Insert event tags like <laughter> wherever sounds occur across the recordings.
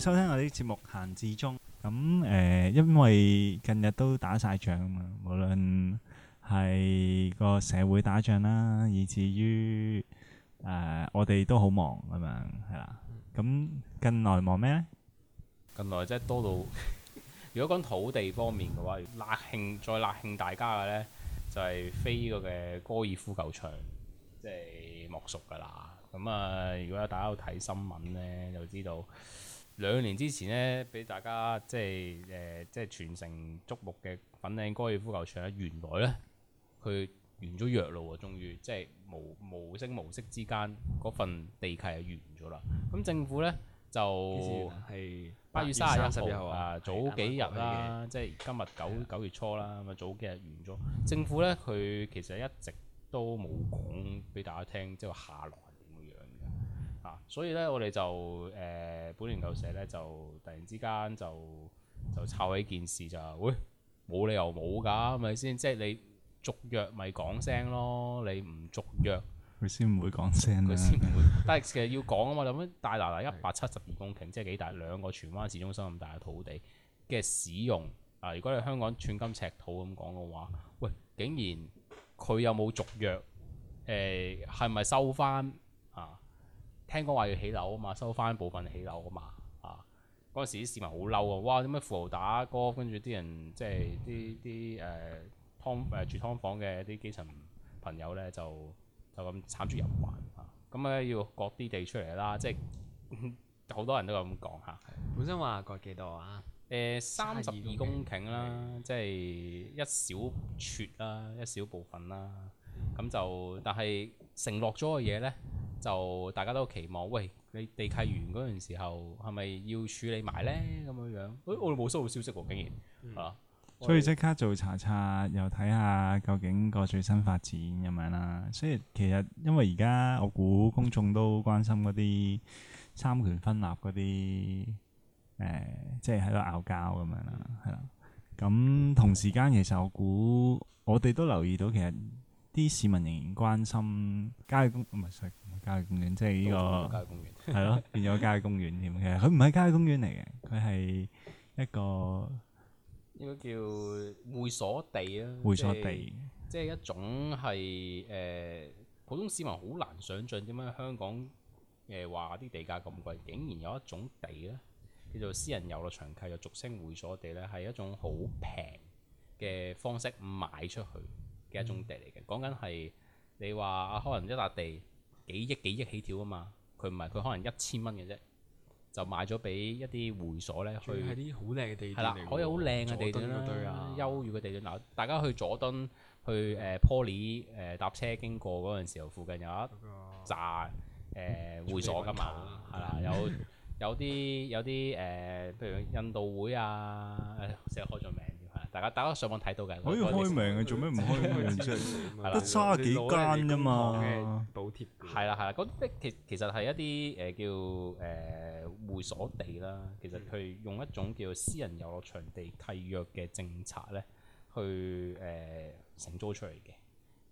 收聽我哋嘅節目《執波中》，咁誒，因為近日都打晒仗啊嘛，無論係個社會打仗啦，以至於誒我哋都好忙咁樣係啦。咁近來忙咩咧？近來即係多到，如果講土地方面嘅話，納慶再納慶，大家嘅咧就係非嗰個嘅哥爾夫球場，即係莫屬噶啦。咁啊，如果大家有睇新聞咧，就知道。兩年之前呢，俾大家即係誒，即係、呃、全城矚目嘅粉嶺哥爾夫球場，原來呢，佢完咗約咯喎，終於即係無無聲無息之間，嗰份地契係完咗啦。咁政府呢，就係八月三十一號啊，月39，早幾日啦，日即係今日九九月初啦，咁啊的早幾日完咗。政府呢，佢其實一直都冇講俾大家聽，即係話下落。所以咧，我哋就誒本年舊社咧，就突然之間就就炒起件事就，就喂冇理由冇㗎，係咪先？即係你續約咪講聲咯，你唔續約佢先唔會講聲佢先唔會， <laughs> 但係其實要講啊嘛。諗、就、緊、是、大拿拿一百七十二公頃，的即係幾大兩個荃灣市中心咁大嘅土地嘅使用。啊、呃，如果你香港寸金尺土咁講嘅話，喂，竟然佢有冇續約？誒、呃，係咪收翻？聽講話要起樓啊嘛，收翻部分起樓啊嘛，啊嗰陣時啲市民好嬲啊，哇點解富豪打哥？」跟、就是呃呃、住啲人即係啲啲誒劏誒住劏房嘅啲基層朋友咧就就咁慘住入環啊，咁、啊、咧要割啲地出嚟啦，嗯、即係好多人都有咁講嚇。啊、本身話割幾多啊？誒三十二公頃啦，即係一小撮啦，一小部分啦，咁、嗯、就但係承諾咗嘅嘢咧。嗯就大家都期望，喂，你地契完嗰陣時候係咪、嗯、要處理埋咧咁樣樣？誒、哎、我哋冇收到消息喎，竟然係、嗯啊、所以即刻做查冊，又睇下究竟個最新發展咁樣啦。所以其實因為而家我估公眾都關心嗰啲三權分立嗰啲誒，即係喺度拗交咁樣啦，係啦、嗯。咁同時間其實我估我哋都留意到，其實啲市民仍然關心街工唔係。郊公園即係呢個，係咯，變咗郊公園添嘅。佢唔係郊公園嚟嘅，佢係一個呢個叫會所地啊。會所地即係一種係誒普通市民好難想象點解香港誒話啲地價咁貴，竟然有一種地咧叫做私人遊樂場契，又俗稱會所地咧，係一種好平嘅方式賣出去嘅一種地嚟嘅。講緊係你話啊，可能一笪地。幾億幾億起跳啊嘛！佢唔係佢可能一千蚊嘅啫，就賣咗俾一啲會所咧去。住啲好靚嘅地段。係啦，可以好靚嘅地段啦，優越嘅地段。嗱，大家去佐敦去誒、呃、Poly 誒、呃、搭車經過嗰陣時候，附近有一紮誒、呃、會所㗎嘛，係啦，有有啲有啲誒、呃，譬如印度會啊，成日開咗名。大家打開上網睇到嘅，可以開名啊！做咩唔開名啫？得卅幾間啫嘛，補貼。係啦係啦，嗰啲其其實係一啲誒叫誒會所地啦。其實佢用一種叫私人遊樂場地契約嘅政策咧，去誒承租出嚟嘅。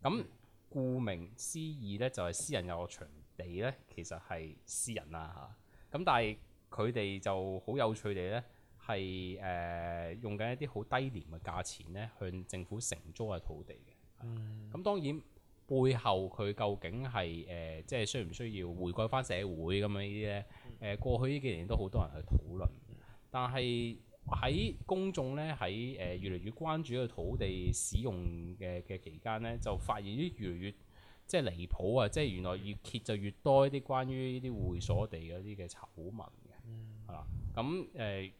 咁顧名思義咧，就係私人遊樂場地咧，其實係私人啊嚇。咁但係佢哋就好有趣地咧。係誒、呃、用緊一啲好低廉嘅價錢咧，向政府承租嘅土地嘅。咁、啊嗯、當然背後佢究竟係誒、呃、即係需唔需要回饋翻社會咁樣呢啲咧？誒、啊、過去呢幾年都好多人去討論，但係喺公眾咧喺誒越嚟越關注呢個土地使用嘅嘅期間咧，就發現啲越嚟越即係離譜啊！即係原來越揭就越多一啲關於呢啲會所地嗰啲嘅醜聞嘅，係啦、嗯。咁誒、嗯。嗯。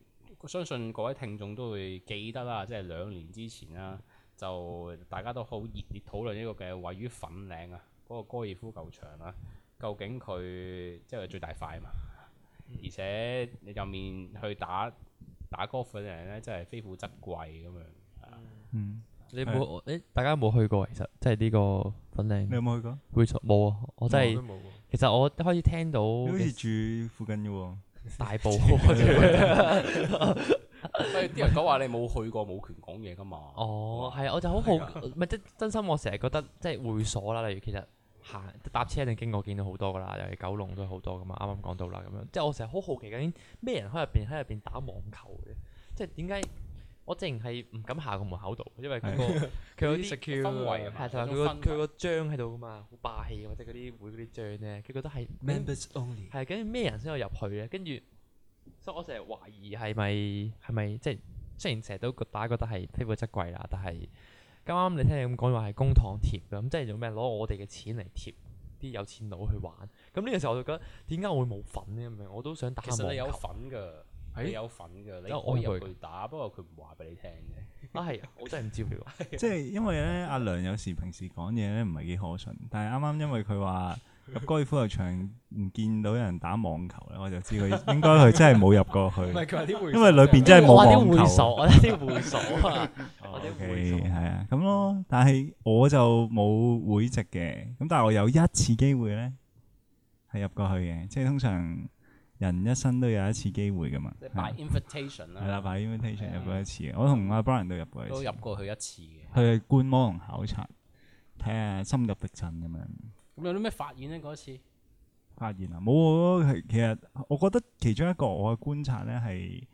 我相信各位聽眾都會記得啦，即係兩年之前啦、啊，嗯、就大家都好熱烈討論呢個嘅位於粉嶺啊，嗰、那個哥爾夫球場啊。究竟佢即係最大塊嘛？嗯、而且你入面去打打哥爾夫嘅咧，真係非富則貴咁樣。嗯你，你冇誒？大家有冇去過其實，即係呢個粉嶺。你有冇去過？冇啊！我真係，其實我開始聽到。好似住附近嘅喎。大步，所以啲人講話你冇去過冇權講嘢噶嘛、oh, 嗯，哦，係啊，我就好好，唔係即 <laughs> 真心。我成日覺得即係會所啦，例如其實行搭車一定經過見到好多噶啦，尤其九龍都好多噶嘛。啱啱講到啦，咁樣即係我成日好好奇究竟咩人喺入邊喺入邊打網球嘅，即係點解？我淨係唔敢下個門口度，因為佢、那個佢是有啲氛圍，係就話佢個佢個章喺度噶嘛，好霸氣，或者嗰啲會嗰啲章咧，佢覺得係。Members only。係跟住咩人先可以入去咧？跟住，所以我成日懷疑係咪係咪即係雖然成日都打覺得係飛波質貴啦，但係剛啱你聽你咁講話係公帑貼咁，即係做咩攞我哋嘅錢嚟貼啲有錢佬去玩？咁呢個時候我就覺得點解我會冇份呢？咁咧？我都想打下網球。其實你有份㗎。你有份嘅，你我入去打，不過佢唔話俾你聽嘅。 <laughs> 啊係、啊，我真係唔知佢。即係 <laughs> <laughs> 因為咧，阿梁有時平時講嘢咧唔係幾可信，但係啱啱因為佢話入哥爾夫球場唔 <laughs> 見到有人打網球咧，我就知佢應該佢真係冇入過去。 <laughs> 因為裏邊真係冇網球，我啲會所啊。O K 係啊，咁咯。但係我就冇會籍嘅，咁但係我有一次機會咧係入過去嘅，即係通常。人一生都有一次機會噶嘛，即係 by invitation 啦的，係啦、啊，by by invitation 入過一次，我同阿 Brian 都入過一次，都的入，入過去一次嘅。去觀摩同考察，睇下的深入敵陣咁樣。咁有啲咩發現咧嗰次？發現啊，冇啊，其實我覺得其中一個我嘅觀察咧係，誒、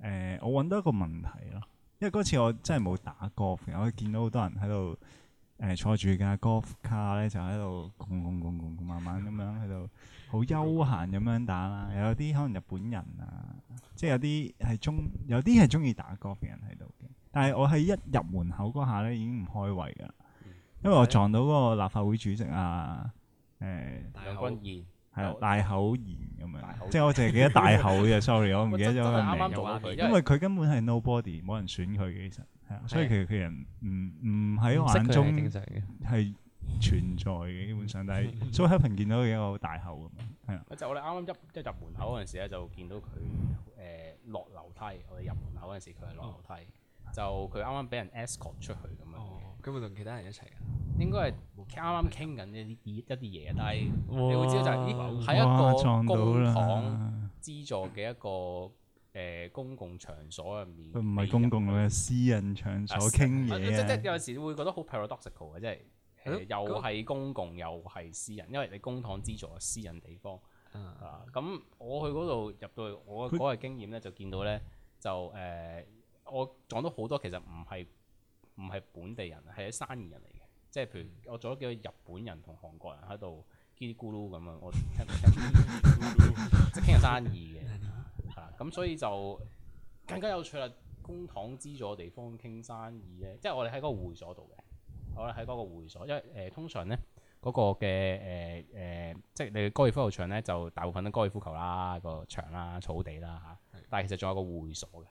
呃，我揾到一個問題咯，因為嗰次我真係冇打過，然後我見到好多人喺度。誒，坐住架 Golf 卡咧，就喺度轟轟轟轟，慢慢咁樣喺度好悠閒咁樣打啦。有啲可能日本人啊，即係有啲係鍾，有啲係鍾意打 Golf 嘅人喺度嘅。但係我喺一入門口嗰下咧，已經唔開胃㗎啦，因為我撞到嗰個立法會主席啊，誒，梁君彥。嗯大口言，咁樣，即係我淨係記得大口嘅 <laughs> ，sorry，我唔記得咗個名。因為佢根本係 nobody，冇人選佢嘅，其實係啊。所以其實佢人唔唔喺眼中係存在嘅，基本上。但所以 so happen 見到佢一個大口咁樣，係啊。就我哋啱啱入一門，呃、入門口嗰陣時咧，就見到佢誒落樓梯。我哋入門口嗰陣時，佢係落樓梯。就佢啱啱俾人 escort 出去咁樣！咁啊，佢會同其他人一齊啊？應該係啱啱傾緊一啲一啲嘢，但係你會知道就係呢個係一個公帑資助嘅一個誒公共場所入面。佢唔係公共嘅，私人場所傾嘢啊！即即有時會覺得好 paradoxical 嘅，即係誒又係公共又係私人，因為你公帑資助嘅私人地方啊。咁我去嗰度入到去，我嗰個經驗咧就見到咧就誒。我撞到好多其實唔係唔係本地人，係啲生意人嚟嘅，即係譬如我做咗幾個日本人同韓國人喺度嘰哩咕嚕咁啊！我聽聽，聽，即係傾下生意嘅，係啦，咁、 <laughs> 啊、所以就更加有趣啦！公帑資助地方傾生意咧，即係我哋喺嗰個會所度嘅，我哋喺嗰個會所，因為誒、呃、通常咧嗰、嗰個嘅誒誒，即係你嘅高爾夫球場咧，就大部分都高爾夫球啦、嗰個場啦、草地啦嚇，但係其實仲有個會所嘅。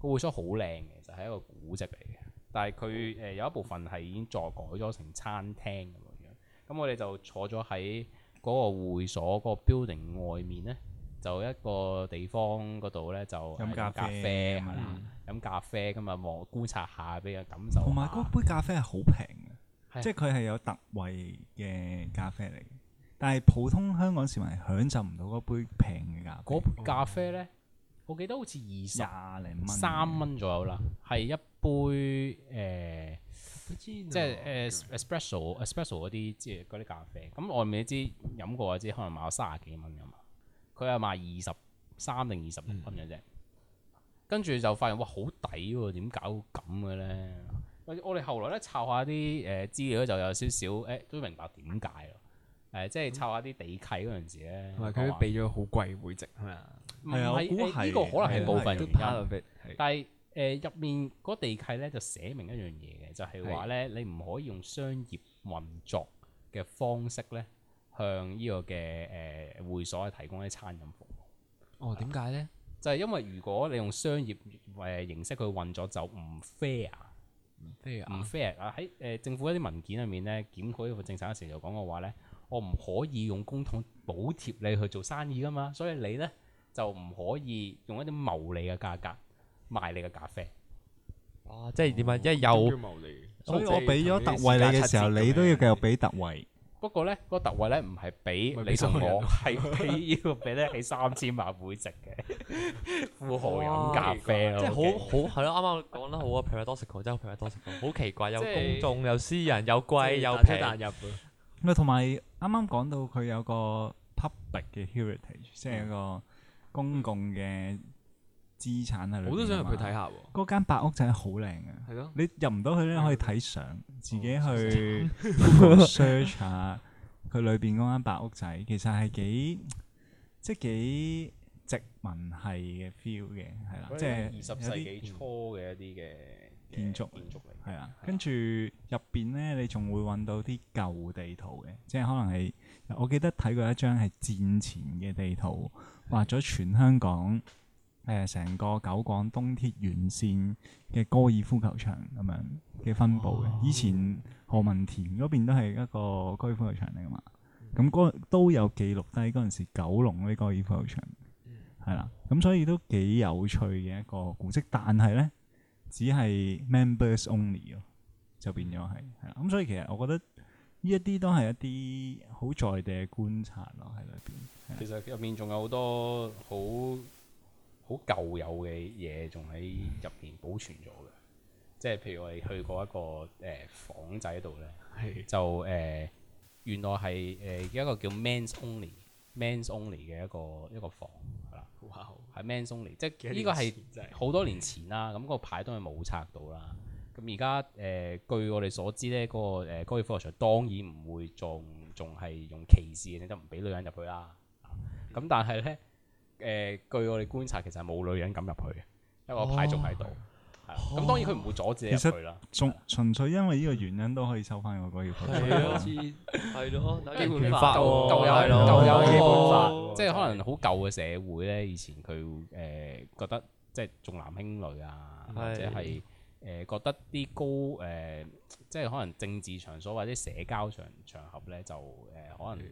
個會所好靚，其實係一個古跡嚟嘅。但係佢誒有一部分係已經再改咗成餐廳咁樣。咁我哋就坐咗喺嗰個會所嗰個 building 外面咧，就一個地方嗰度咧就飲咖啡係啦，飲咖啡咁啊，我觀、嗯嗯、察下俾人感受。同埋嗰杯咖啡係好平嘅，的即係佢係有特惠嘅咖啡嚟。但係普通香港市民享受唔到嗰杯平嘅咖啡。嗯、杯咖啡咧？我記得好似二十零蚊，三蚊左右啦，係 <noise> 一杯誒，呃、即係誒 espresso、espresso 嗰啲即係啲咖啡。咁外面知，飲過啊，知可能賣到卅幾蚊㗎嘛。佢係賣二十三定二十六蚊嘅啫。嗯、跟住就發現哇好抵喎！點搞咁嘅咧？我我哋後來咧查下啲誒資料，就有少少誒都明白點解啊。誒，即係湊下啲地契嗰陣時咧，同埋佢俾咗好貴會籍啊嘛，係啊，我估係，呢個可能係部分，但係誒入面個地契咧就寫明一樣嘢嘅，就係話咧你唔可以用商業運作嘅方式咧向呢個嘅誒會所提供啲餐飲服務。哦，點解咧？就係因為如果你用商業誒形式去運作，就唔 fair，唔 fair，唔 fair 啊！喺誒政府一啲文件入面咧，檢討呢個政策嘅時候講嘅話咧。我唔可以用公帑補貼你去做生意噶嘛，所以你咧就唔可以用一啲牟利嘅價格賣你嘅咖啡。哦！即係點啊？因為有，所以我俾咗特惠你嘅時候，你都要繼續俾特惠。不過咧，個特惠咧唔係俾你送我，係要俾得起三千萬會籍嘅富豪飲咖啡咯。即係好好係咯，啱啱講得好啊！Paradoxical，即係 Paradoxical，好奇怪，又公眾又私人又貴又平，打入啊！咪同埋。啱啱講到佢有個 public 嘅 heritage，即係一個公共嘅資產喺裏邊。我都想入去睇下，嗰、嗯、間白屋仔好靚啊。係咯、嗯，你入唔到去咧，可以睇相，嗯、自己去 search 下佢裏邊嗰間白屋仔，其實係幾、嗯、即係幾殖民系嘅 feel 嘅，係啦，即係二十世紀初嘅一啲嘅。建築建築嚟，係、啊、跟住入邊咧，你仲會揾到啲舊地圖嘅，即係可能係我記得睇過一張係戰前嘅地圖，的畫咗全香港誒成、呃、個九廣東鐵沿線嘅哥爾夫球場咁樣嘅分布嘅。哦、以前何文田嗰邊都係一個哥爾夫球場嚟噶嘛，咁、嗯那個、都有記錄低嗰陣時九龍呢個哥爾夫球場，係啦、嗯，咁、啊、所以都幾有趣嘅一個古跡，但係咧。只係 members only 咯，就變咗係，係啦。咁所以其實我覺得呢一啲都係一啲好在地嘅觀察咯，喺裏邊。其實入面仲有好多好好舊有嘅嘢，仲喺入邊保存咗嘅。嗯、即係譬如我哋去過一個誒、呃、房仔度咧， <laughs> 就誒、呃、原來係誒一個叫 men's only men's <laughs> only 嘅一個一個房。係 Men only 嚟，即係呢個係好多年前啦，咁、那、嗰個牌都係冇拆到啦。咁而家誒，據我哋所知咧，嗰、那個誒嗰個高爾夫球場當然唔會仲仲係用歧視嘅，即係唔俾女人入去啦。咁、啊、但係咧，誒、呃，據我哋觀察，其實冇女人敢入去，因為個牌仲喺度。咁當然佢唔會阻止。其實，仲純粹因為呢個原因都可以收翻個哥爾夫。係啊，係咯，基本法都又係咯，又基本法。即係可能好舊嘅社會咧，以前佢誒覺得即係重男輕女啊，或者係誒覺得啲高誒，即係可能政治場所或者社交場場合咧，就誒可能。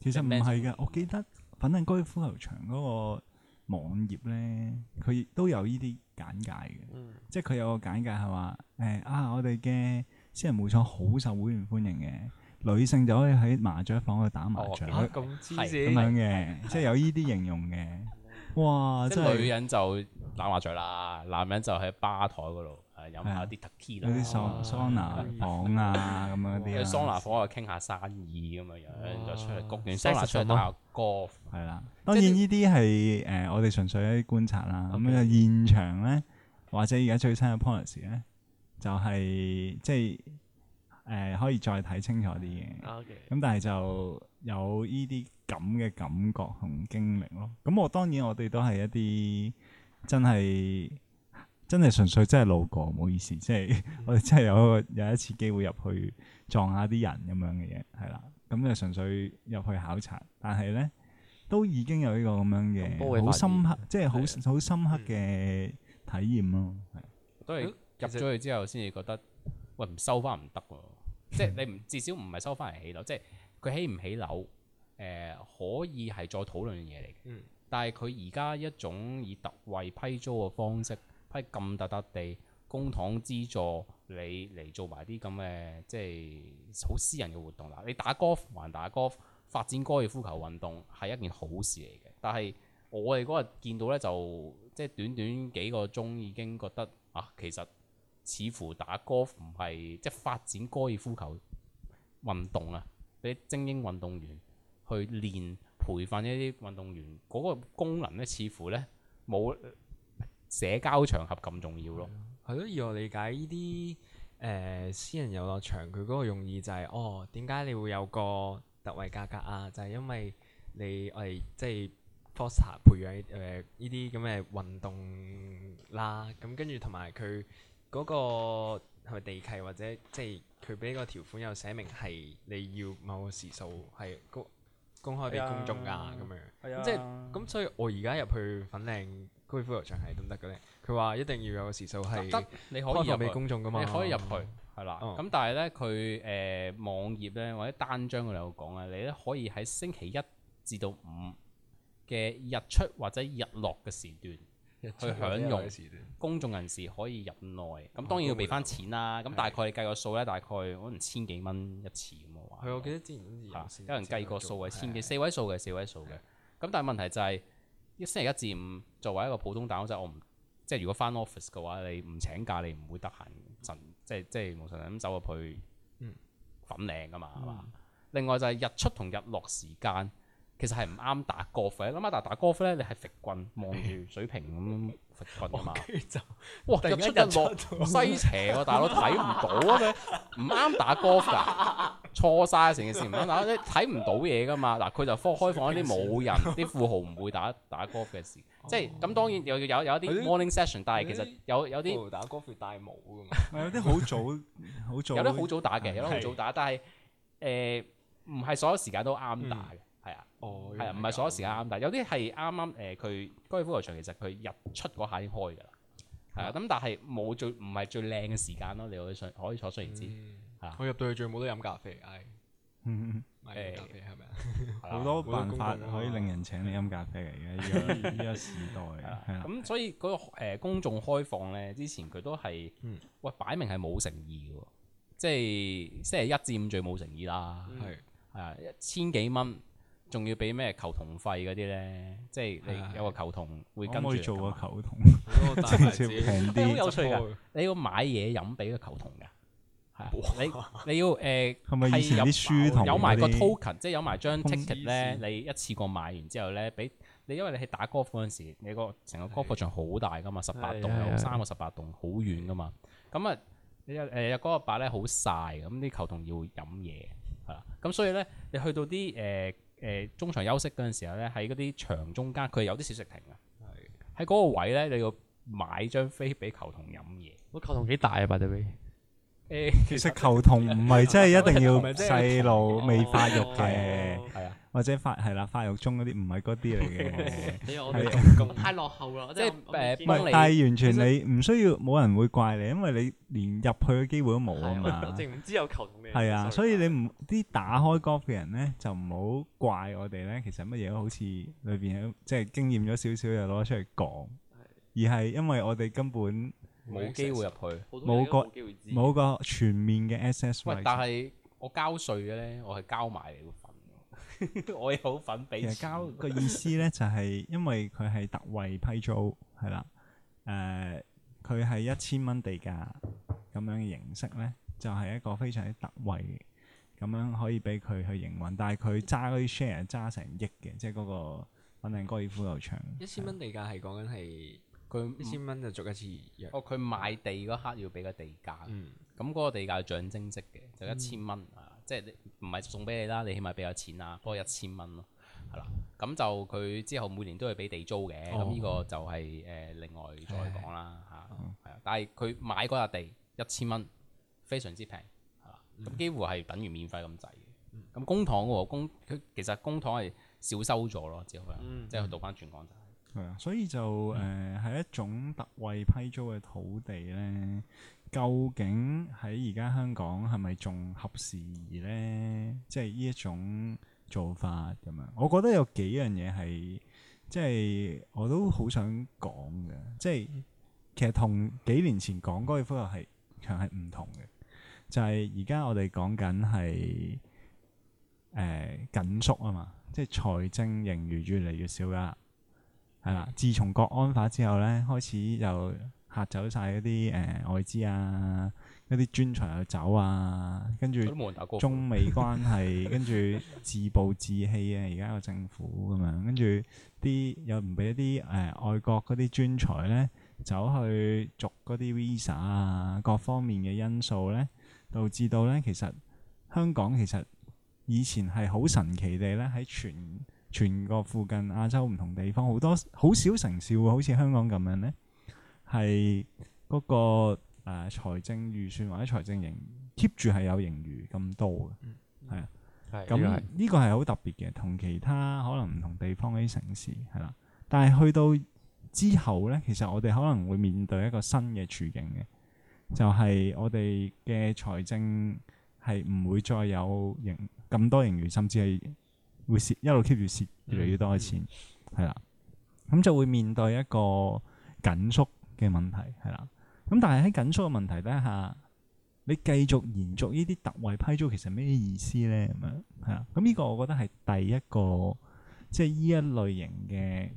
其實唔係㗎，我記得粉嶺哥爾夫球場嗰個。網頁咧，佢亦都有呢啲簡介嘅，嗯、即係佢有個簡介係話，誒、哎、啊，我哋嘅私人會所好受會員歡迎嘅，女性就可以喺麻雀房度打麻雀，咁、啊、樣嘅，即係有呢啲形容嘅， <laughs> 哇！真即係女人就打麻雀啦，男人就喺吧台嗰度。呃、一一有飲下啲特調，嗰啲桑拿房啊咁樣嗰啲，桑拿房又傾下生意咁樣樣，又出嚟焗完桑拿出去打下 golf，係啦。當然呢啲係誒我哋純粹一啲觀察啦。咁 okay, 樣現場咧，或者而家最新嘅 policy 咧、就係，就係即係誒、呃、可以再睇清楚啲嘅。咁 okay, 但係就有呢啲咁嘅感覺同經歷咯。咁我當然我哋都係一啲真係。Okay, 真係純粹，真係路過，唔好意思，嗯、即係我哋真係有一個、嗯、有一次機會入去撞下啲人咁樣嘅嘢，係啦，咁就純粹入去考察，但係咧都已經有呢個咁樣嘅好深刻，嗯、即係好好深刻嘅體驗咯。都係入咗去之後先至覺得，喂唔收翻唔得喎，其實 即係你唔至少唔係收翻嚟起樓， <laughs> 即係佢起唔起樓，誒、呃、可以係再討論嘢嚟嘅。嗯、但係佢而家一種以特惠批租嘅方式。係咁突突地公帑資助你嚟做埋啲咁嘅即係好私人嘅活動啦。你打歌，還打歌，發展高爾夫球運動係一件好事嚟嘅。但係我哋嗰日見到呢，就即係短短幾個鐘已經覺得啊，其實似乎打歌唔係即係發展高爾夫球運動啊。啲精英運動員去練培訓一啲運動員嗰個功能呢，似乎呢冇。社交場合咁重要咯，係咯、嗯。以我理解，呢啲誒私人遊樂場佢嗰個用意就係、是，哦，點解你會有個特惠價格啊？就係、是、因為你我哋、呃、即係 Foster 培養誒依、呃、啲咁嘅運動啦。咁跟住同埋佢嗰個係咪地契或者即係佢俾個條款又寫明係你要某個時數係公公開俾公眾噶、啊、咁、啊、樣。咁、啊、即係咁，啊、所以我而家入去粉嶺。哥爾夫球場係得唔得嘅咧？佢話一定要有個時數係得，你可以入公眾噶嘛？你可以入去係啦。咁但係咧，佢誒、呃、網頁咧或者單張嗰度有講啊，你咧可以喺星期一至到五嘅日出或者日落嘅時段去享用。時段公眾人士可以入內，咁、嗯、當然要畀返錢啦。咁大概計個數咧，大概可能千幾蚊一次咁嘅話。係，我記得之前有人有人計過數係千幾，對四位數嘅四位數嘅。咁對但係問題就係、是。一星期一至五，作為一個普通打工仔，我唔即係如果返 office 嘅話，你唔請假，你唔會得閒神，即係即係無常咁走入去，嗯、粉嶺㗎嘛，係嘛、嗯？另外就係日出同日落時間。其實係唔啱打 golf，諗下，但係打 golf 呢，你係揈棍望住水平咁揈棍啊嘛。哇！突然一落西斜，大佬睇唔到啊嘛，唔啱打 golf 噶，錯曬成件事唔啱打，即係睇唔到嘢噶嘛。嗱，佢就開開放一啲冇人，啲富豪唔會打打 golf 嘅事，即係咁當然又有有一啲 morning session，但係其實有有啲打 golf 帶帽噶嘛。係有啲好早好早，有啲好早打嘅，有啲好早打，但係誒唔係所有時間都啱打嘅。哦，係啊，唔係所有時間啱，但係有啲係啱啱誒。佢哥爾夫球場其實佢日出嗰下已經開㗎啦，係啊。咁但係冇最唔係最靚嘅時間咯。你可以上可以坐衰然之嚇。我入到去最冇得飲咖啡，係誒，係咪啊？好多辦法可以令人請你飲咖啡嚟嘅，依家依家時代係啊。咁所以嗰個公眾開放咧，之前佢都係喂擺明係冇誠意嘅，即係星期一至五最冇誠意啦，係係啊，一千幾蚊。仲要俾咩球童費嗰啲咧？即係你有個球童會跟住、啊、做個球童，即係啲。好、嗯、有趣噶！你要買嘢飲俾個球童嘅，係啊！你你要誒係咪？啲書有埋個 token，即係有埋張 ticket 咧。你一次過買完之後咧，俾你，因為你係打 golf 嗰陣時，你、呃那個成個 golf 場好大噶嘛，十八洞有三個十八洞，好遠噶嘛。咁啊，有誒有嗰個爸咧好晒咁，啲球童要飲嘢係啦。咁所以咧，你去到啲誒。呃誒中場休息嗰陣時候咧，喺嗰啲場中間，佢有啲小食亭啊。係喺嗰個位咧，你要買張飛俾球童飲嘢。個球童幾大啊？八仔，欸、其實、其實、就是、球童唔係 <laughs> 真係一定要細路未發育嘅。係啊、哦。哦哦 <laughs> <laughs> 或者發係啦，發育中嗰啲唔係嗰啲嚟嘅。你我太落後咯，即係唔係，但係完全你唔需要，冇人會怪你，因為你連入去嘅機會都冇啊嘛。淨係啊，所以你唔啲打開 golf 嘅人咧，就唔好怪我哋咧。其實乜嘢都好似裏邊，即係經驗咗少少又攞出嚟講，而係因為我哋根本冇機會入去，冇個冇個全面嘅 SSY。但係我交稅嘅咧，我係交埋你。我有份俾交 <laughs> 個意思咧，就係、是、因為佢係特惠批租，係啦，誒、呃，佢係一千蚊地價咁樣嘅形式咧，就係、是、一個非常之特惠咁樣可以俾佢去營運，但係佢揸嗰啲 share 揸成億嘅，即係嗰個粉嶺高爾夫球場。一千蚊地價係講緊係佢一千蚊就做一次。嗯、哦，佢買地嗰刻要俾、嗯、個地價，咁嗰個地價係象徵式嘅，就一千蚊啊！嗯即係唔係送俾你啦？你起碼俾個錢啦，不過一千蚊咯，係啦。咁就佢之後每年都係俾地租嘅，咁呢、哦、個就係、是、誒、呃、另外再講啦嚇。係啊、嗯，吧但係佢買嗰笪地一千蚊，非常之平，係啦。咁幾乎係等於免費咁滯嘅。咁、嗯、公帑喎，公佢其實公帑係少收咗咯，之後、嗯、即係到翻全港就係、是。係啊、嗯，所以就誒係、呃、一種特惠批租嘅土地咧。究竟喺而家香港係咪仲合時宜呢？即係呢一種做法咁樣，我覺得有幾樣嘢係即係我都好想講嘅。即係其實同幾年前講嗰啲風格係強係唔同嘅，就係而家我哋講緊，係誒緊縮啊嘛，即係財政盈餘越嚟越少啦，係啦。嗯、自從國安法之後咧，開始就。嚇走晒一啲誒外資啊，一啲專才又走啊，跟住中美關係， <laughs> 跟住自暴自棄啊，而家個政府咁樣，跟住啲又唔俾一啲誒、呃、外國嗰啲專才咧走去續嗰啲 visa 啊，各方面嘅因素咧，導致到咧其實香港其實以前係好神奇地咧喺全全國附近亞洲唔同地方好多好少城市會，好似香港咁樣咧。係嗰、嗰個誒、啊、財政預算或者財政盈 keep 住係有盈餘咁多嘅，係啊，咁呢個係好特別嘅，同其他可能唔同地方啲城市係啦。但係去到之後咧，其實我哋可能會面對一個新嘅處境嘅，就係、是、我哋嘅財政係唔會再有盈咁多盈餘，甚至係會蝕一路 keep 住蝕越嚟越多嘅錢，係啦、嗯。咁、嗯、就會面對一個緊縮嘅問題係啦，咁但係喺緊縮嘅問題底下，你繼續延續呢啲特惠批租，其實咩意思咧？咁樣係啦，咁、嗯、呢、這個我覺得係第一個，即係呢一類型嘅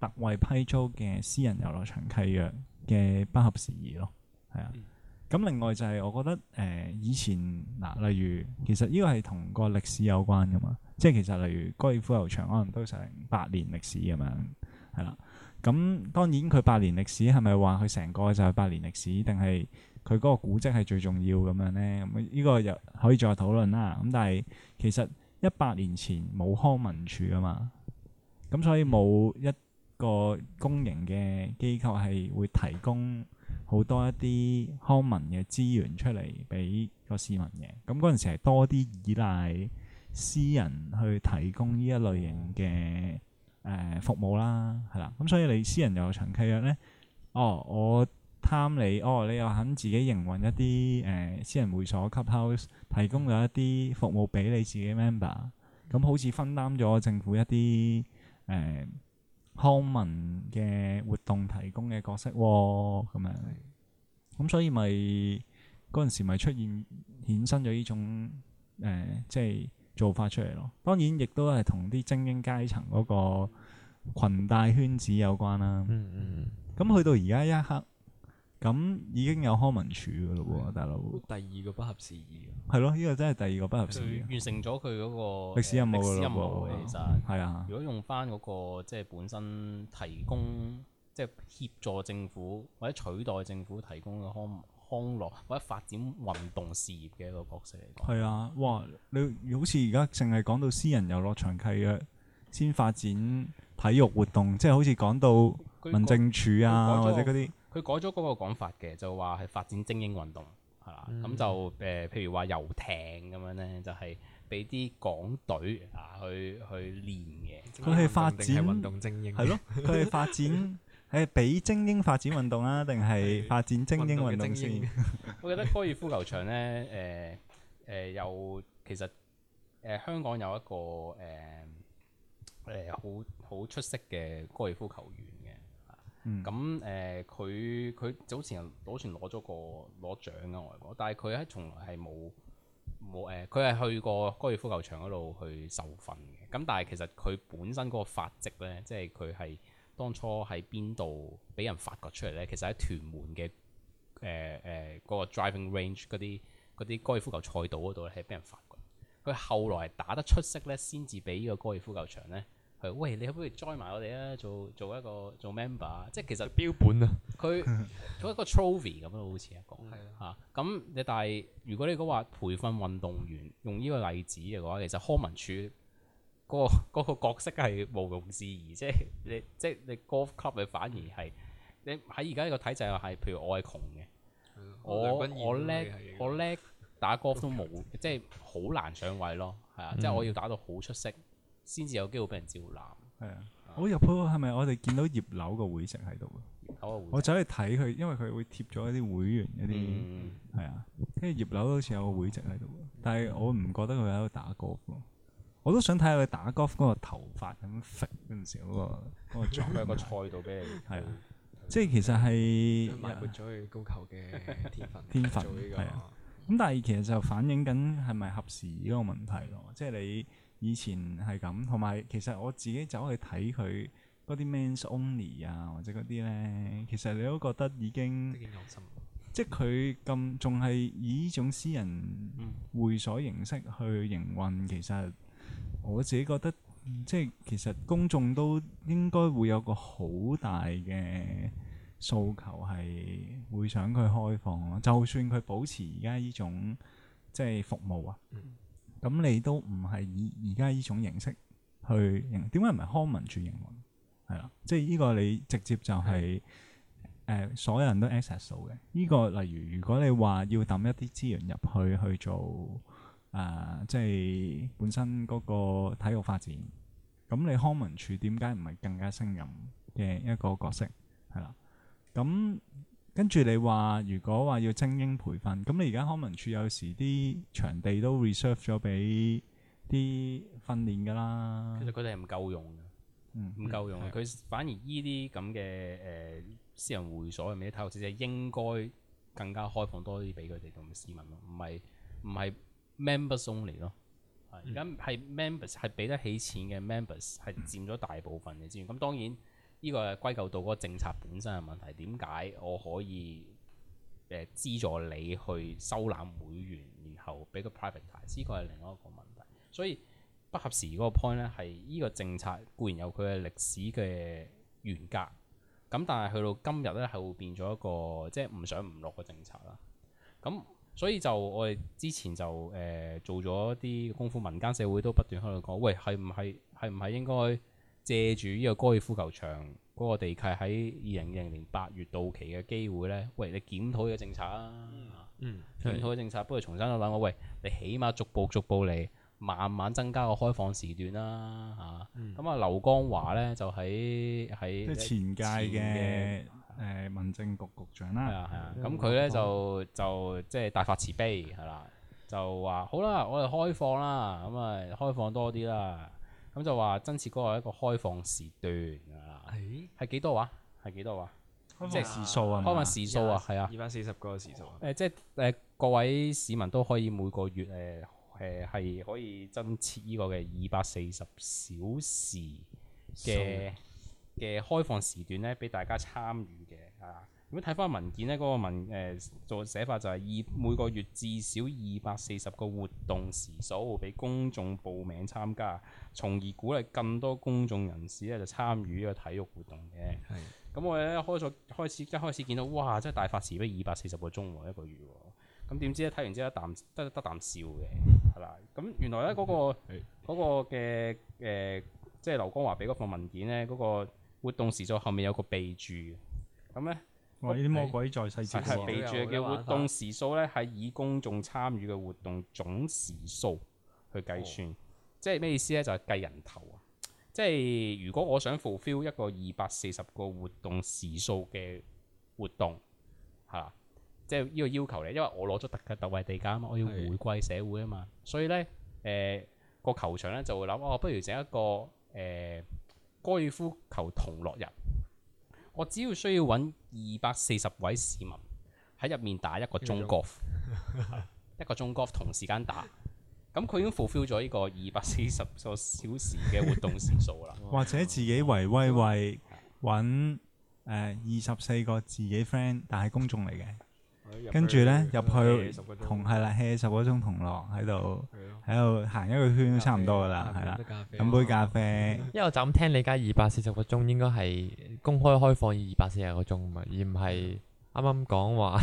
特惠批租嘅私人遊樂場契約嘅不合時宜咯。係啊，咁、嗯嗯、另外就係我覺得誒、呃，以前嗱、呃，例如其實呢個係同個歷史有關噶嘛，即係其實例如哥爾夫球場可能都成百年歷史咁樣，係啦。咁當然佢百年歷史係咪話佢成個就係百年歷史，定係佢嗰個古跡係最重要咁樣呢，咁、這、呢個又可以再討論啦。咁但係其實一百年前冇康文署㗎嘛，咁所以冇一個公營嘅機構係會提供好多一啲康文嘅資源出嚟俾個市民嘅。咁嗰陣時係多啲依賴私人去提供呢一類型嘅。誒、呃、服務啦，係啦，咁、嗯、所以你私人又有長契約咧，哦，我貪你，哦，你又肯自己營運一啲誒、呃、私人會所 clubhouse，提供咗一啲服務俾你自己 member，咁、嗯嗯、好似分擔咗政府一啲誒、呃、康文嘅活動提供嘅角色喎，咁、哦、樣，咁、嗯嗯、所以咪嗰陣時咪出現衍生咗呢種誒、呃，即係。做法出嚟咯，當然亦都係同啲精英階層嗰個裙帶圈子有關啦。嗯嗯、咁去到而家一刻，咁已經有康文署噶咯喎，嗯、大佬哥。第二個不合時宜。係咯，呢、這個真係第二個不合時宜。完成咗佢嗰個歷史任務其喎。係啊。實嗯嗯、如果用翻、那、嗰個即係、就是、本身提供，即、就、係、是、協助政府、嗯、或者取代政府提供嘅康。康樂或者發展運動事業嘅一個角色嚟，係啊！哇！你好似而家淨係講到私人遊樂場契約先發展體育活動，即係好似講到民政處啊或者嗰啲，佢改咗嗰個講法嘅，就話係發展精英運動，係嘛、嗯？咁就誒，譬如話遊艇咁樣咧，就係俾啲港隊啊去去練嘅，佢係發展定係運,運動精英？係咯，佢係發展。 <laughs> <laughs> 誒畀精英發展運動啊，定係發展精英運動先？動 <laughs> 我記得哥爾夫球場呢，誒誒又其實誒、呃、香港有一個誒誒好好出色嘅哥爾夫球員嘅，咁誒佢佢早前攞全攞咗個攞獎嘅外國，但係佢喺從來係冇冇誒，佢係、呃、去過哥爾夫球場嗰度去受訓嘅，咁但係其實佢本身嗰個髮質咧，即係佢係。當初喺邊度俾人發掘出嚟呢？其實喺屯門嘅誒誒個 driving range 嗰啲啲高爾夫球賽道嗰度咧，係俾人發掘。佢後來打得出色呢，先至俾呢個高爾夫球場呢。喂，你可唔可以 join 埋我哋啊，做做一個做 member。即係其實標本啊，佢 <laughs> 做一個 trophy 咁咯，好似一個。係咁、啊、你但係如果你講話培訓運動員用呢個例子嘅話，其實康文署。個嗰個角色係毋庸置疑，即係你即係你 golf club 呢，反而係你喺而家呢個體制又係，譬如我係窮嘅，嗯、我我叻我叻力打 golf 都冇，嗯、即係好難上位咯，係啊，即係我要打到好出色先至有機會俾人招攬。係啊，啊啊我入去係咪我哋見到葉劉個會籍喺度啊？我走去睇佢，因為佢會貼咗一啲會員一啲係、嗯、啊，跟住、啊、葉劉好似有個會籍喺度，但係我唔覺得佢喺度打 golf 我都想睇下佢打 golf 嗰個頭髮咁甩都唔少喎，我裝喺個菜度俾你。係 <laughs> 啊， <laughs> 即係其實係抹咗去高球嘅天分， <laughs> 天分。係、這個、啊，咁但係其實就反映緊係咪合時嗰個問題咯。 <laughs> 即係你以前係咁，同埋其實我自己走去睇佢嗰啲 man's only 啊，或者嗰啲咧，其實你都覺得已經 <laughs> 即係即係佢咁仲係以呢種私人會所形式去營運，嗯、其實。我自己覺得，即係其實公眾都應該會有個好大嘅訴求，係會想佢開放咯。就算佢保持而家呢種即係服務啊，咁、嗯、你都唔係以而家呢種形式去點解唔係康文署營運？係啦，即係呢個你直接就係、是、誒、嗯呃、所有人都 access 到嘅。呢、呢個例如，如果你話要揼一啲資源入去去做。誒，即係本身嗰個體育發展，咁你康文署點解唔係更加信任嘅一個角色係啦？咁跟住你話，如果話要精英培訓，咁你而家康文署有時啲場地都 reserve 咗俾啲訓練㗎啦。其實佢哋係唔夠用嘅，唔夠用。佢反而依啲咁嘅誒私人會所入面啲體育設施應該更加開放多啲俾佢哋同市民咯，唔係唔係。members only 咯，而家係 members 係俾 mem 得起錢嘅 members 係佔咗大部分嘅資源，咁當然呢、呢個係歸咎到嗰個政策本身嘅問題。點解我可以誒、呃、資助你去收攬會員，然後俾個 private 牌？呢個係另一個問題。所以不合時嗰個 point 咧，係呢個政策固然有佢嘅歷史嘅原價，咁但係去到今日咧，係會變咗一個即係唔上唔落嘅政策啦。咁所以就我哋之前就誒、呃、做咗啲功夫，民間社會都不斷喺度講，喂，係唔係，係唔係應該借住呢個哥爾夫球場嗰個地契喺二零二零年八月到期嘅機會呢？喂，你檢討嘅政策啊，檢討嘅政策，不如重新又諗下，喂，你起碼逐步逐步嚟，慢慢增加個開放時段啦，嚇、啊。咁啊、嗯嗯，劉江華呢，就喺喺前屆嘅。誒民政局局長啦，係啊，係啊，咁佢咧就就即係、就係、大發慈悲係啦、啊，就話好啦，我哋開放啦，咁、嗯、啊開放多啲啦，咁、嗯、就話增設嗰個一個開放時段㗎啦，係幾多啊？係幾多啊？多啊啊即係時數啊，開放時數啊，係啊，二百四十個時數啊。誒、呃、即係誒、呃、各位市民都可以每個月誒誒係可以增設呢個嘅二百四十小時嘅。嘅開放時段咧，俾大家參與嘅，係、啊、如果睇翻文件咧，嗰、那個文誒、呃、做寫法就係以每個月至少二百四十個活動時數俾公眾報名參加，從而鼓勵更多公眾人士咧就參與呢個體育活動嘅。係是的。咁我哋咧開咗開始一開始見到哇，真係大發慈悲、啊，二百四十個鐘喎，一個月喎、啊。咁點知咧睇完之後一啖得得啖笑嘅係啦。咁、嗯、原來咧嗰、那個嗰、嗯那個嘅誒、那個呃，即係劉江華俾嗰份文件咧嗰、那個。活動時數後面有個備注嘅，咁咧，哇我啲是魔鬼在細節之外，備注嘅活動時數呢係以公眾參與嘅活動總時數去計算，哦、即係咩意思呢？就係、是、計人頭啊！即係如果我想 fulfill 一個二百四十個活動時數嘅活動，吓，即係呢個要求咧，因為我攞咗特級特惠地價啊嘛，我要回歸社會啊嘛，是的 所以呢，誒、呃，個球場呢就會諗，哦，不如整一個誒。呃哥爾夫球同樂日，我只要需要揾二百四十位市民喺入面打一個鐘 golf, <laughs> 一個鐘 golf 同時間打，咁佢已經 fulfill 咗呢個二百四十個小時嘅活動時數啦。 <laughs> 或者自己為威為揾二十四個自己 friend，但係公眾嚟嘅。跟住咧入去，去同係啦 hea 十個鐘同樂喺度，喺度行一個圈都差唔多噶啦，係啦啡，飲杯咖啡。因為我就咁聽，你而家二百四十個鐘應該係公開開放二百四十個鐘嘛，而唔係啱啱講話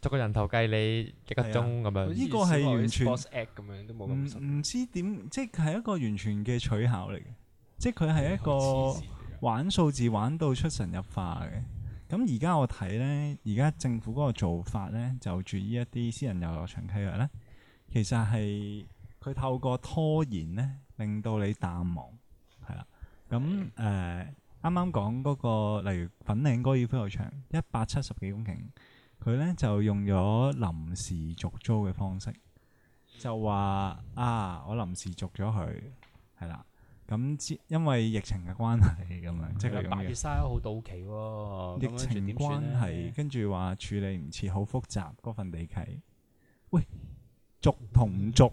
逐個人頭計你幾個鐘咁了樣。呢個係完全咁樣都冇咁。唔唔知點，即係一個完全嘅取巧嚟嘅，即係佢係一個玩數字玩到出神入化嘅。咁而家我睇咧，而家政府嗰個做法咧，就住於一啲私人遊樂場契約咧，其實係佢透過拖延咧，令到你淡忘，係啦。咁、嗯、誒，啱啱講嗰個，例如粉嶺哥爾夫球場，一百七十幾公頃，佢咧就用咗臨時續租嘅方式，就話啊，我臨時續咗佢，係啦。咁之，因為疫情嘅關係，咁、就是、樣即係咁樣嘅。八月三十一號到期喎，疫情關係，跟住話處理唔切，好複雜嗰份地契。喂，續同唔續？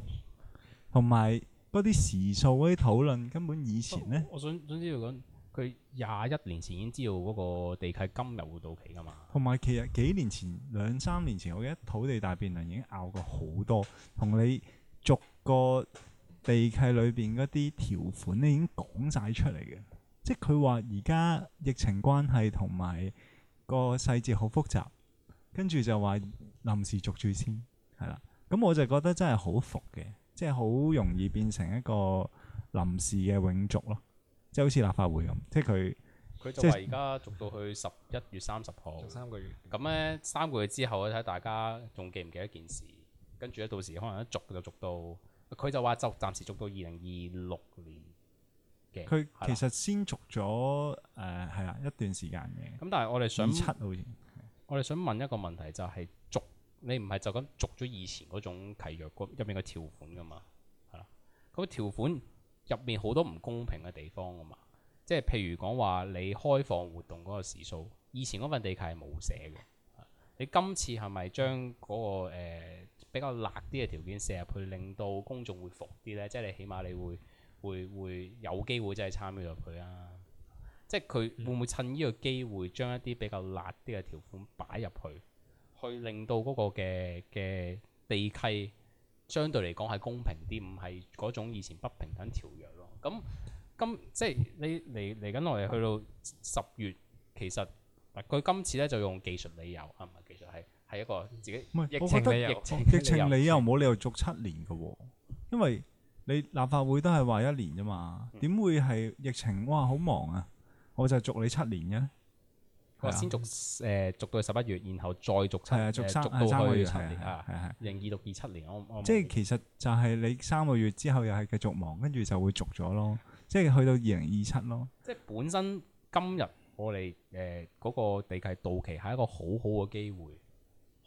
同埋嗰啲時數嗰啲討論，根本以前咧，我想總之嚟講，佢廿一年前已經知道嗰個地契今日會到期噶嘛。同埋其實幾年前，兩三年前，我記得土地大辯論已經拗過好多，同你逐個。地契裏邊嗰啲條款咧已經講晒出嚟嘅，即係佢話而家疫情關係同埋個細節好複雜，跟住就話臨時續住先，係啦。咁我就覺得真係好服嘅，即係好容易變成一個臨時嘅永續咯，即係好似立法會咁，即係佢佢就話而家續到去十一月三十號，三個月。咁咧三個月之後我睇大家仲記唔記得件事，跟住咧到時可能一續就續到。佢就話就暫時續到二零二六年嘅。佢其實先續咗誒係啊一段時間嘅。咁但係我哋想七好似我哋想問一個問題就係、是、續，你唔係就咁續咗以前嗰種契約入面嘅條款噶嘛？係啦，個條款入面好多唔公平嘅地方㗎嘛。即係譬如講話你開放活動嗰個時數，以前嗰份地契係冇寫嘅。你今次係咪將嗰個、呃比較辣啲嘅條件射入去，令到公眾會服啲呢？即係你起碼你會會會會有機會真係參與入去啊！即係佢會唔會趁呢個機會將一啲比較辣啲嘅條款擺入去，去令到嗰個嘅嘅地契相對嚟講係公平啲，唔係嗰種以前不平等條約咯啊。咁今即係你嚟嚟緊落嚟去到十月，其實佢今次呢就用技術理由啊！係一個自己。唔係疫情，你又疫情，你又冇理由續七年嘅喎。因為你立法會都係話一年啫嘛，點會係疫情？哇，好忙啊！我就續你七年嘅。係啊，先續誒續到十一月，然後再續七誒續到去係啊，續三三個月七年啊，係係零二六二七年。我我即係其實就係你三個月之後又係繼續忙，跟住就會續咗咯。即係去到二零二七咯。即係本身今日我哋誒嗰個地契到期係一個好好嘅機會。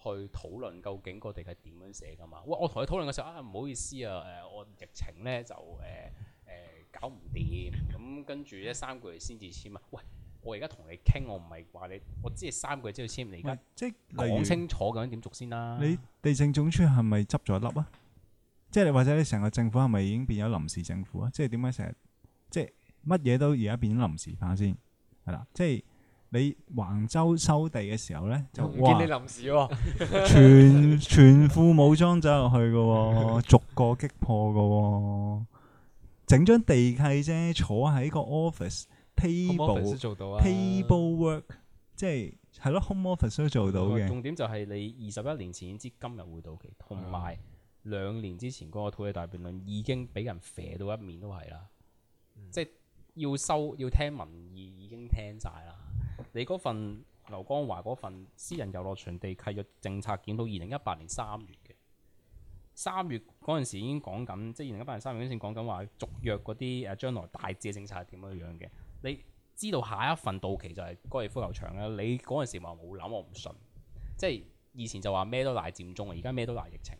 去討論究竟我哋係點樣寫噶嘛？喂，我同佢討論嘅時候啊，唔好意思啊，誒，我疫情咧就誒誒搞唔掂，咁跟住咧三個月先至簽啊！喂，我而家同你傾，我唔係話你，我知三個月之後簽，你而家即係講清楚咁樣點做先啦。你地政總署係咪執咗一粒啊？即係或者你成個政府係咪已經變咗臨時政府啊？即係點解成日即係乜嘢都而家變咗臨時化先係啦？即係。你橫洲收地嘅時候咧，就唔見你臨時，全全副武裝走入去嘅，逐個擊破嘅，整張地契啫，坐喺個 office table，home office 做到啊，table work，即係係咯，home office 做到嘅。重點就係你二十一年前知今日會到期，同埋兩年之前嗰個土地大辯論已經俾人扯到一面都係啦，即係要收要聽民意已經聽晒啦。你嗰份劉江華嗰份私人遊樂場地契約政策檢查，檢查，見到二零一八年三月嘅三月嗰陣時已經講緊，即係二零一八年三月先講緊話續約嗰啲誒，將來大致嘅政策係點樣樣嘅。你知道下一份到期就係哥爾夫球場啦。你嗰陣時話冇諗，我唔信。即係以前就話咩都賴佔中啊，而家咩都賴疫情，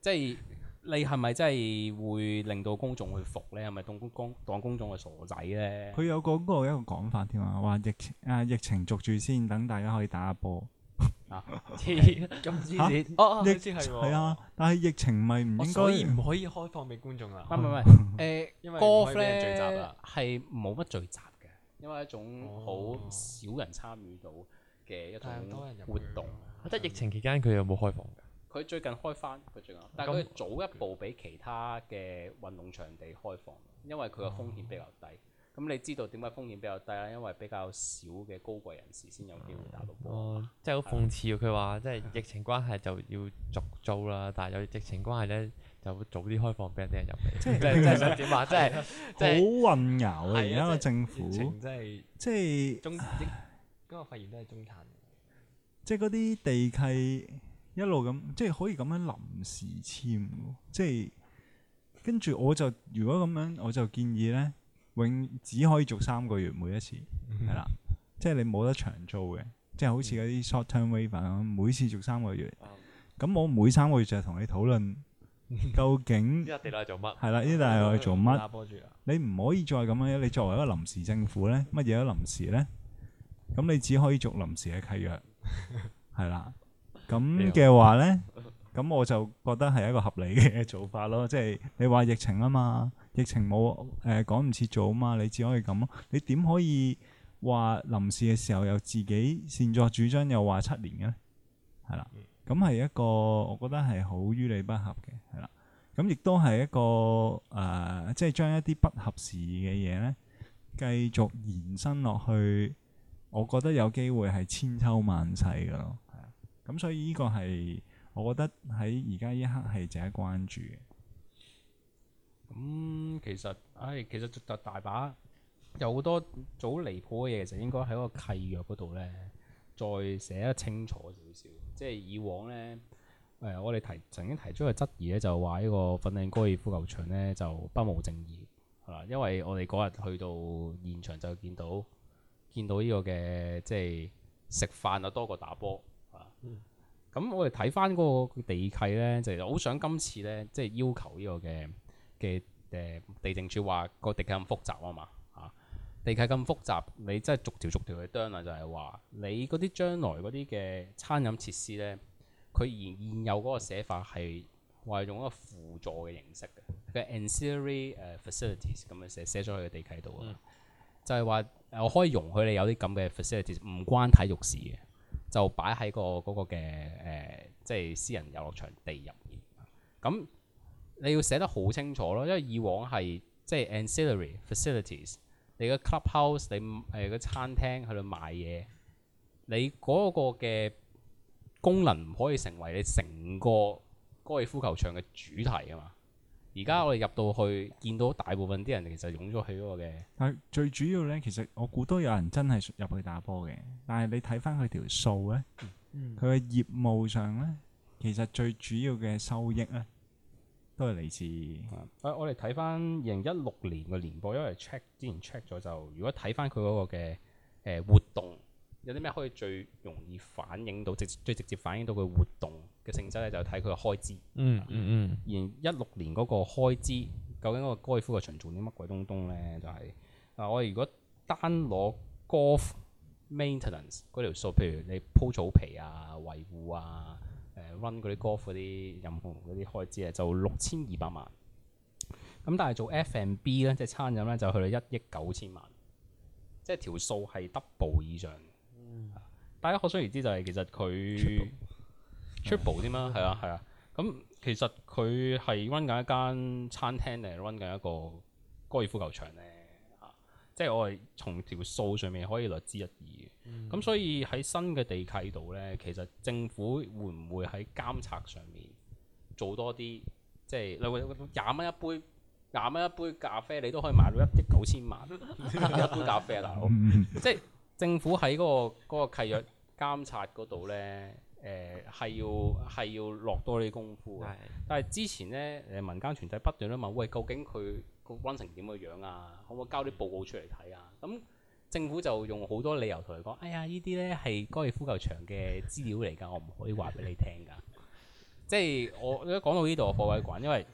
即係。你係咪真係會令到公眾去服咧？係咪當公公當公眾係傻仔咧？佢有講過一個講法添啊，話疫啊疫情續住先，等大家可以打下波。咁唔知你哦哦，亦係啊！但係疫情咪唔應該唔可以開放俾觀眾啊？唔唔唔，誒因為哥爾夫係冇乜聚集嘅，因為一種好少人參與到嘅一啲多人活動。喺得疫情期間，佢有冇開放㗎？佢最近開翻，佢最近，但係佢早一步俾其他嘅運動場地開放，因為佢嘅風險比較低。咁你知道點解風險比較低咧？因為比較少嘅高貴人士先有機會打到波。哦，真係好諷刺喎！佢話即係疫情關係就要續租啦，但係有疫情關係咧就早啲開放俾人哋入嚟。即係即係點話？即係即係好混淆啊！而家個政府即係即係中，因為發現都係中產。即係嗰啲地契。一路咁，即係可以咁樣臨時簽嘅，即係跟住我就如果咁樣，我就建議咧，永只可以做三個月每一次，係、嗯、啦，即係你冇得長租嘅，即係好似嗰啲 short term waiver 每次做三個月。咁、嗯、我每三個月就係同你討論究竟一啲係做乜？係啦，呢啲係做乜？啊、做你唔可以再咁樣，你作為一個臨時政府咧，乜嘢都臨時咧，咁你只可以做臨時嘅契約，係啦。咁嘅話呢，咁我就覺得係一個合理嘅做法咯。即係你話疫情啊嘛，疫情冇誒、呃、趕唔切做啊嘛，你只可以咁咯。你點可以話臨時嘅時候又自己擅作主張，又話七年嘅咧？係啦，咁係一個我覺得係好於理不合嘅，係啦。咁亦都係一個誒，即係將一啲不合時宜嘅嘢呢，繼續延伸落去，我覺得有機會係千秋萬世噶咯。咁所以呢個係，我覺得喺而家一刻係值得關注嘅、嗯。咁其實，唉、哎，其實實在大把，有好多做得離譜嘅嘢，其實應該喺嗰個契約嗰度呢再寫得清楚少少。即係以往呢，誒、哎，我哋提曾經提出嘅質疑呢，就話呢個粉嶺哥爾夫球場呢就不務正義，係啦，因為我哋嗰日去到現場就見到，見到呢個嘅即係食飯啊多過打波，啊。咁我哋睇翻嗰個地契咧，就係好想今次咧，即係要求呢個嘅嘅誒地政處話個地契咁複雜啊嘛嚇，地契咁複雜，你真係逐條逐條去哚啦，就係話你嗰啲將來嗰啲嘅餐飲設施咧，佢現現有嗰個寫法係話用一個輔助嘅形式嘅，嘅 ancillary facilities 咁樣寫寫咗喺個地契度啊，嗯、就係話我可以容許你有啲咁嘅 facilities，唔關體育事嘅。就擺喺個嗰個嘅誒、呃，即係私人遊樂場地入面。咁你要寫得好清楚咯，因為以往係即係 ancillary facilities，你個 clubhouse，你誒個餐廳去度賣嘢，你嗰個嘅功能唔可以成為你成個高爾夫球場嘅主題啊嘛。而家我哋入到去，見到大部分啲人其實湧咗去嗰個嘅。但最主要咧，其實我估都有人真係入去打波嘅。但係你睇翻佢條數咧，佢嘅、嗯、業務上咧，其實最主要嘅收益咧，都係嚟自。誒、嗯啊，我哋睇翻二零一六年嘅年報，因為 check 之前 check 咗就，如果睇翻佢嗰個嘅誒、呃、活動。有啲咩可以最容易反映到直最直接反映到佢活動嘅性質咧？就睇佢嘅開支。嗯嗯嗯。嗯而一六年嗰個開支，究竟嗰個 golf 嘅場做啲乜鬼東東咧？就係、是、啊我如果單攞 golf maintenance 嗰條數，譬如你鋪草皮啊、維護啊、誒、呃、run 嗰啲 golf 嗰啲任何嗰啲開支啊，就六千二百萬。咁、嗯、但係做 F and B 咧，即、就、係、是、餐飲咧，就去到一億九千萬，即係條數係 double 以上。大家可想而知就係其實佢 triple 添啦，係啊係啊。咁其實佢係 run 緊一間餐廳定，run 緊一個高爾夫球場咧？嚇。即係我係從條數上面可以略知一二。咁所以喺新嘅地契度咧，其實政府會唔會喺監察上面做多啲？即係廿蚊一杯，廿蚊一杯咖啡，你都可以賣到一億九千萬一杯咖啡啦！即係。政府喺嗰、那個那個契約監察嗰度咧，誒、呃、係要係要落多啲功夫嘅。是的 但係之前咧，誒民間團體不斷都問，喂，究竟佢個運成點嘅樣，樣啊？可唔可以交啲報告出嚟睇啊？咁、嗯、政府就用好多理由同佢講，哎呀，呢啲咧係高爾夫球場嘅資料嚟㗎，我唔可以話俾你聽㗎。 <laughs> 即係我而家講到呢度，我破鬼滾，因為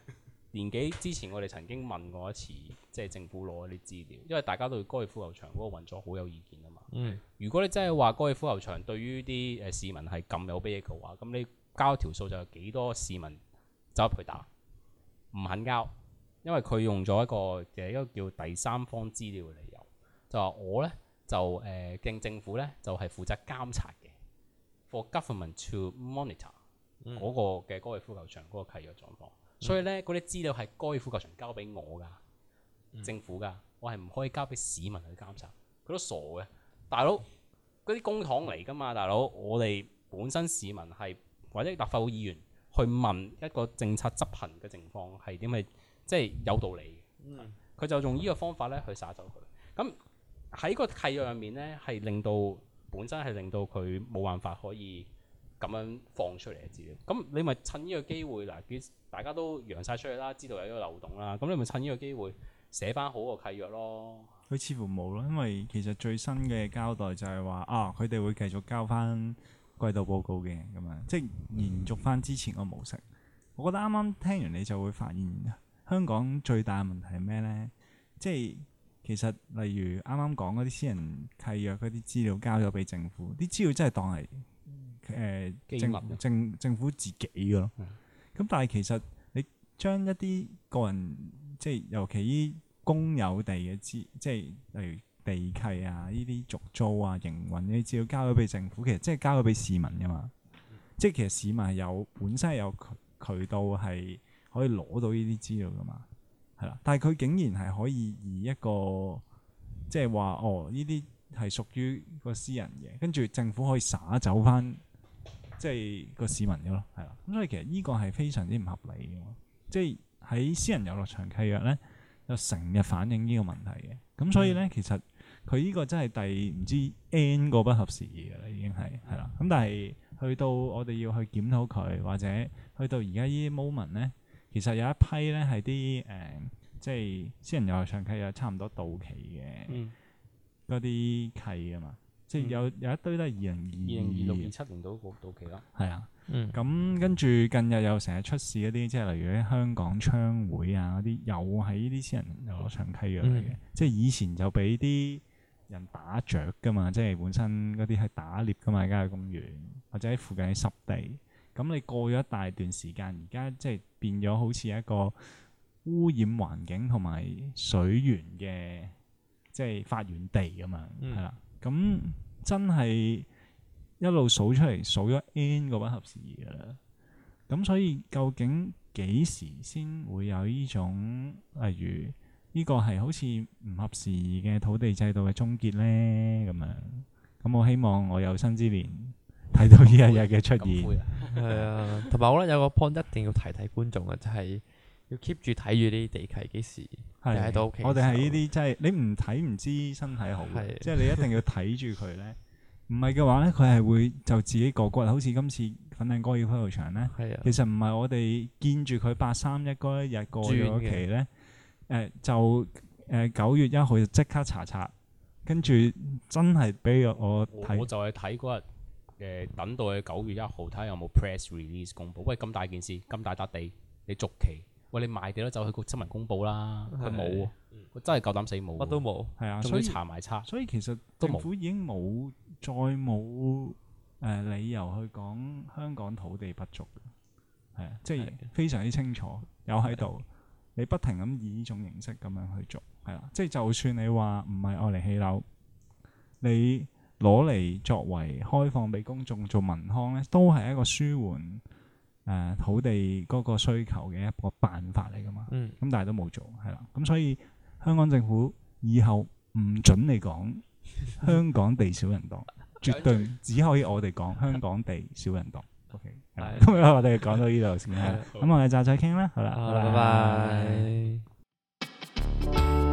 年幾之前我哋曾經問過一次。即係政府攞嗰啲資料，因為大家都對哥爾夫球場嗰個運作好有意見啊嘛。嗯。如果你真係話哥爾夫球場對於啲誒市民係咁有裨益嘅話，咁你交條數就有幾多市民走入去打，唔肯交，因為佢用咗一個誒一個叫第三方資料嘅理由，就話我呢就誒、呃、政府呢就係、是、負責監察嘅，for government to monitor 嗰、嗯、個嘅哥爾夫球場嗰個契約狀況。嗯、所以呢，嗰啲、嗯、資料係哥爾夫球場交俾我㗎。政府噶，我係唔可以交俾市民去監察，佢都傻嘅，大佬，嗰啲公帑嚟噶嘛，大佬，我哋本身市民係或者立法會議員去問一個政策執行嘅情況係點嘅，即係有道理。嗯，佢就用呢個方法咧去殺走佢。咁喺個契約入面咧，係令到本身係令到佢冇辦法可以咁樣放出嚟嘅資料。咁你咪趁呢個機會嗱，佢大家都揚晒出去啦，知道有呢個漏洞啦。咁你咪趁呢個機會。寫翻好個契約咯。佢似乎冇咯，因為其實最新嘅交代就係話啊，佢哋會繼續交翻季度報告嘅咁樣，即係延續翻之前個模式。嗯、我覺得啱啱聽完你就會發現，香港最大嘅問題係咩咧？即係其實例如啱啱講嗰啲私人契約嗰啲資料交咗俾政府，啲資料真係當係誒秘密政政府自己噶咯。咁、嗯、但係其實你將一啲個人即係尤其於公有地嘅資，即係例如地契啊、呢啲續租啊、營運呢啲資料交咗俾政府，其實即係交咗俾市民噶嘛。即係其實市民係有本身係有渠道係可以攞到呢啲資料噶嘛，係啦。但係佢竟然係可以以一個即係話哦，呢啲係屬於個私人嘅，跟住政府可以撒走翻，即係個市民嘅咯，係啦。咁所以其實呢個係非常之唔合理嘅，即係。喺私人遊樂場契約咧，就成日反映呢個問題嘅。咁、嗯、所以咧，其實佢呢個真係第唔知 N 個不合時宜嘅啦，已經係係啦。咁、嗯、但係去到我哋要去檢討佢，或者去到而家呢啲 moment 咧，其實有一批咧係啲誒，即係私人遊樂場契約差唔多到期嘅嗰啲契啊嘛，即係有有一堆都係二零二二零二六至七年度到期啦，係啊。嗯，咁跟住近日又成日出事嗰啲，即係例如啲香港槍會啊嗰啲，又係呢啲私人又攞長契約嚟嘅。嗯、即係以前就俾啲人打著噶嘛，即係本身嗰啲係打獵噶嘛，郊野公園或者喺附近喺濕地。咁你過咗一大段時間，而家即係變咗好似一個污染環境同埋水源嘅，嗯、即係發源地噶嘛，係啦、嗯。咁真係。一路數出嚟，數咗 n 個不合時宜嘅啦。咁所以究竟幾時先會有呢種，例如呢個係好似唔合時宜嘅土地制度嘅終結咧？咁樣咁我希望我有生之年睇到呢日嘅出現。係 <laughs> 啊，同埋我覺得有個 point 一定要提提觀眾啊，就係要 keep 住睇住呢啲地契幾時睇到。我哋係呢啲，即係你唔睇唔知身體好，即係的你一定要睇住佢咧。 <laughs> 唔係嘅話咧，佢係會就自己個個，好似今次粉嶺歌業區路場粉嶺哥爾夫球場咧，是的 其實唔係我哋見住佢八三一嗰一轉的、呃呃、日過咗期咧，誒就誒九月一號就即刻查查，跟住真係俾我睇，我就係睇嗰日誒等到九月一號睇下有冇 press release 公佈，喂咁大件事，咁大笪地，你續期，喂你賣地咧就去個新聞公佈啦，佢冇喎。真係夠膽死冇，乜都冇，係啊，所以查埋差。所以其實政府已經冇再冇誒理由去講香港土地不足。係啊，即係非常之清楚，係，有喺度，係，你不停咁以呢種形式咁樣去做，係啦。即係就算你話唔係愛嚟起樓，你攞嚟作為開放俾公眾做民康咧，都係一個舒緩誒土地嗰個需求嘅一個辦法嚟噶嘛。嗯，咁但係都冇做，係啦。咁所以。香港政府以後唔准你講香港地少人多， <laughs> 絕對只可以我哋講香港地少人多。OK，咁今日我哋講到呢度先啦。咁 <laughs> Yeah, 我哋就再傾啦。好啦，好了拜拜。Bye bye